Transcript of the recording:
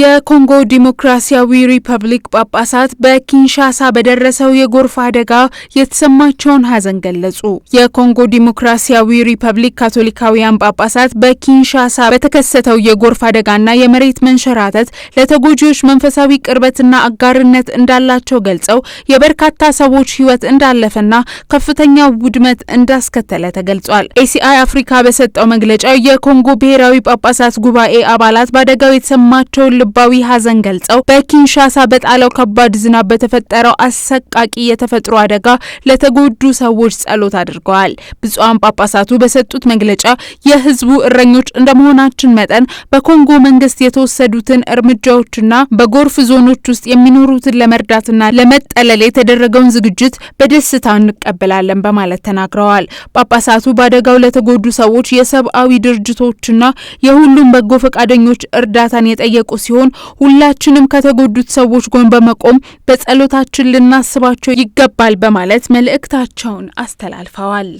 የኮንጎ ዲሞክራሲያዊ ሪፐብሊክ ጳጳሳት በኪንሻሳ በደረሰው የጎርፍ አደጋ የተሰማቸውን ሐዘን ገለጹ። የኮንጎ ዲሞክራሲያዊ ሪፐብሊክ ካቶሊካውያን ጳጳሳት በኪንሻሳ በተከሰተው የጎርፍ አደጋና የመሬት መንሸራተት ለተጎጂዎች መንፈሳዊ ቅርበትና አጋርነት እንዳላቸው ገልጸው የበርካታ ሰዎች ሕይወት እንዳለፈና ከፍተኛ ውድመት እንዳስከተለ ተገልጿል። ኤሲአይ አፍሪካ በሰጠው መግለጫ የኮንጎ ብሔራዊ ጳጳሳት ጉባኤ አባላት በአደጋው የተሰማቸውን ልባዊ ሐዘን ገልጸው በኪንሻሳ በጣለው ከባድ ዝናብ በተፈጠረው አሰቃቂ የተፈጥሮ አደጋ ለተጎዱ ሰዎች ጸሎት አድርገዋል። ብፁዓን ጳጳሳቱ በሰጡት መግለጫ የህዝቡ እረኞች እንደመሆናችን መጠን በኮንጎ መንግስት የተወሰዱትን እርምጃዎችና በጎርፍ ዞኖች ውስጥ የሚኖሩትን ለመርዳትና ለመጠለል የተደረገውን ዝግጅት በደስታ እንቀበላለን በማለት ተናግረዋል። ጳጳሳቱ በአደጋው ለተጎዱ ሰዎች የሰብአዊ ድርጅቶችና የሁሉም በጎ ፈቃደኞች እርዳታን የጠየቁ ሲሆን ሲሆን ሁላችንም ከተጎዱት ሰዎች ጎን በመቆም በጸሎታችን ልናስባቸው ይገባል በማለት መልእክታቸውን አስተላልፈዋል።